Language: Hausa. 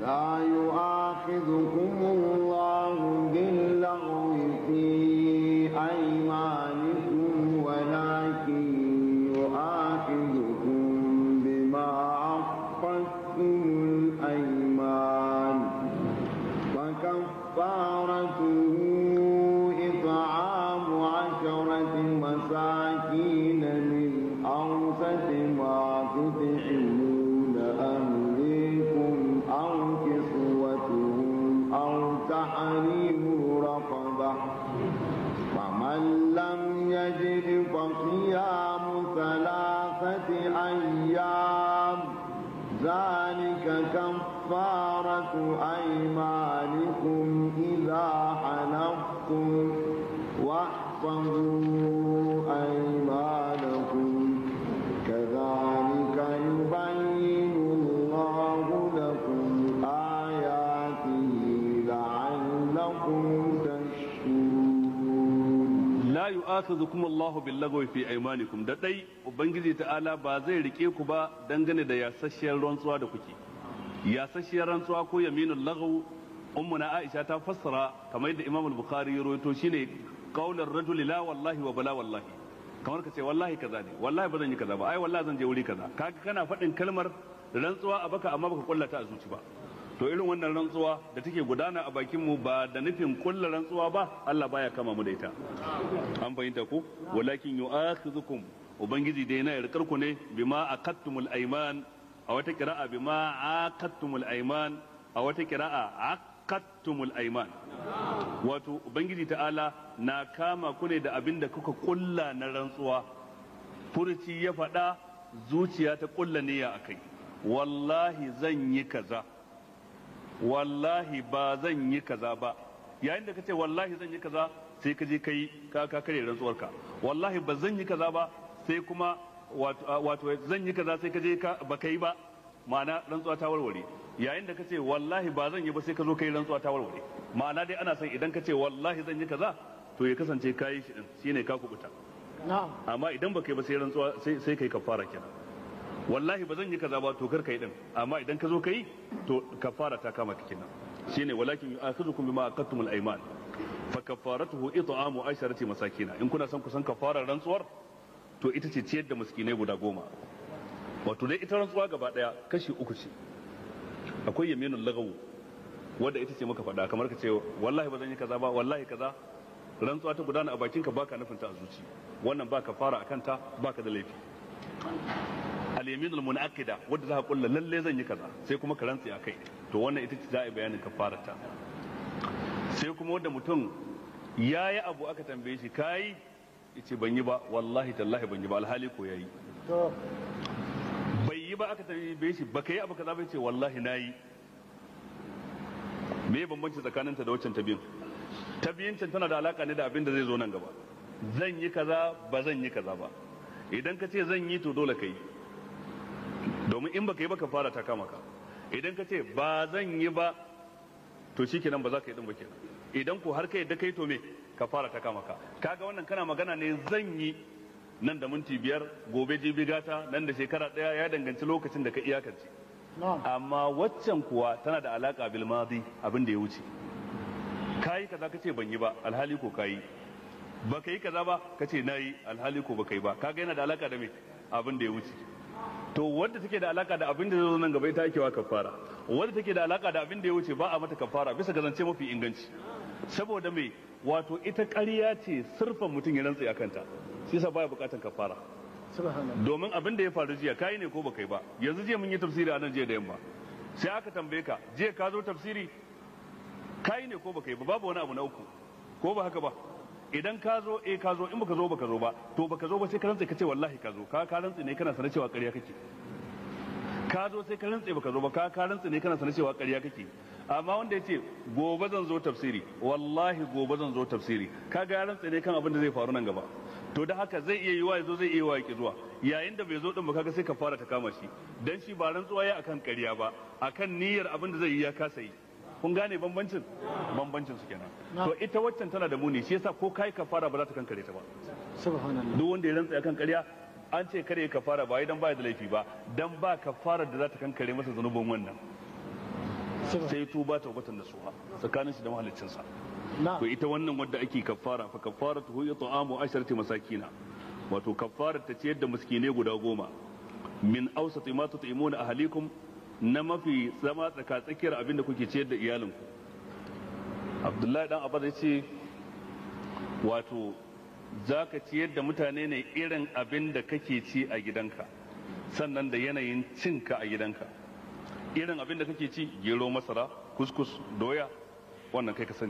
لا يؤاخذكم الله باللغو في أيمانكم ولكن يؤاخذكم تحريم رقبة فمن لم يجد فصيام ثلاثة أيام ذلك كفارة أيمانكم إذا حلفتم واحفظوا la yu'akhidhukum Allahu bil-lagwi fi aymanikum da dai ubangiji ta'ala ba zai rike ku ba dangane da yasasshiyar rantsuwa da kuke yasasshiyar rantsuwa ko yaminul lagw ummuna Aisha ta fassara kamar da Imam al-Bukhari ya rawaito shine qaular rajuli la wallahi wa bala wallahi kamar ka ce wallahi kaza ne wallahi ba zan yi kaza ba ai wallahi zan je wuri kaza kaga kana faɗin kalmar rantsuwa a baka amma baka kullata a zuci ba to irin wannan rantsuwa da take gudana a bakin mu ba da nufin kulla rantsuwa ba Allah baya kama mu da ita an fahimta ku walakin yu'akhidhukum ubangiji dai yana yarkar ku ne bima aqattumul ayman a wata qira'a bima aqattumul ayman a wata qira'a aqattumul ayman wato ubangiji ta'ala na kama ku ne da abin da kuka kulla na rantsuwa furuci ya faɗa zuciya ta kulla niyya akai wallahi zan yi kaza wallahi ba zan yi kaza ba yayin da kace wallahi zan yi kaza sai ka je ka yi ka ka kare rantsuwarka wallahi ba zan yi kaza ba sai kuma wato zan yi kaza sai ka je ka ba kai ba ma'ana rantsuwa ta warware yayin da kace wallahi ba zan yi ba sai ka zo yi rantsuwa ta warware ma'ana dai ana son idan kace wallahi zan yi kaza to ya kasance kayi shi din shine ka kubuta amma idan ba kai ba sai rantsuwa sai kai kafara kenan wallahi ba zan yi kaza ba to kar kai din amma idan ka zo kai to kafara ta kama ka kenan shine walakin yu'akhidhukum bima aqattumul ayman fa kafaratuhu it'amu asharati masakina in kuna son ku san kafarar rantsuwar to ita ce ciyar da miskinai guda goma wato dai ita rantsuwa gaba daya kashi uku ce akwai yaminul lagaw wanda ita ce maka faɗa kamar ka ce wallahi ba zan yi kaza ba wallahi kaza rantsuwa ta gudana a bakinka baka nufin ta a zuci wannan baka fara akan ta baka da laifi al-yamin al-munakida wanda za ka kulla lalle zan yi kaza sai kuma ka rantsi akai to wannan ita ce za a yi bayanin kafarata sai kuma wanda mutum ya yi abu aka tambaye shi kai yace ban yi ba wallahi tallahi ban yi ba alhali ko yayi bai yi ba aka tambaye shi baka yi abu kaza ba yace wallahi nayi me bambanci tsakaninta da waccan ta biyun ta biyun can tana da alaka ne da abin da zai zo nan gaba zan yi kaza ba zan yi kaza ba idan ka ce zan yi to dole ka yi domin in baka yi ba fara ta kama ka idan ka ce ba zan yi ba to kenan ba za ka yi din ba kenan idan ko har kai da kai to me fara ta kama ka kaga wannan kana magana ne zan yi nan da minti biyar gobe jibi gata nan da shekara daya ya danganci lokacin da ka iyakance amma waccan kuwa tana da alaka bil madi abin da ya wuce kai kaza ka ce ban yi ba alhali ko kai ba yi kaza ba ka ce na alhali ko ba yi ba kaga yana da alaka da me abin da ya wuce to wanda take da alaka da abin da zai zo nan gaba ita ake wa kafara wanda take da alaka da abin da ya wuce ba a mata kafara bisa ga zance mafi inganci saboda me wato ita ƙarya ce surfan mutum ya rantsi akan kanta shi yasa baya bukatan kafara domin abin da ya faru jiya kai ne ko baka ba yanzu jiya mun yi tafsiri a nan jiya da yamma sai aka tambaye ka jiya ka zo tafsiri kai ne ko baka ba babu wani abu na uku ko ba haka ba idan ka zo eh ka zo in baka zo baka zo ba to baka zo ba sai ka rantsa ka ce wallahi ka zo ka ka rantsa ne kana sanar cewa ƙarya kake ka zo sai ka rantsa baka zo ba ka ka rantsa ne kana sanar cewa ƙarya kake amma wanda ya ce gobe zan zo tafsiri wallahi gobe zan zo tafsiri ka ga rantsa ne kan abin da zai faru nan gaba to da haka zai iya yiwa ya zo zai iya yiwa ki zuwa yayin da bai zo din ba kaga sai ka fara ta kama shi dan shi ba rantsuwa ya akan ƙarya ba akan niyyar abin da zai yi ya kasa yi kun gane bambancin bambancin su kenan to ita waccan tana da muni shi yasa ko kai kafara ba za ta kankare ta ba subhanallah duk wanda ya rantsa ya kankariya an ce kare kafara ba idan ba da laifi ba dan ba kafara da za ta kankare masa zanubin wannan sai tuba ta gwatan da suha tsakanin shi da mahallicin sa to ita wannan wadda ake kafara fa kafaratu hiya ta'amu asharati masakina wato kafarar ta ce yadda miskinai guda goma min awsati ma tut'imuna ahlikum na mafi zama tsaka tsakiyar abin da kuke ciyar da ku abdullahi dan abbas ya ce wato za ka ciyar da mutane ne irin abin da kake ci a gidanka sannan da yanayin cinka a gidanka irin abin da kake ci gero masara kuskus doya wannan kai ka sani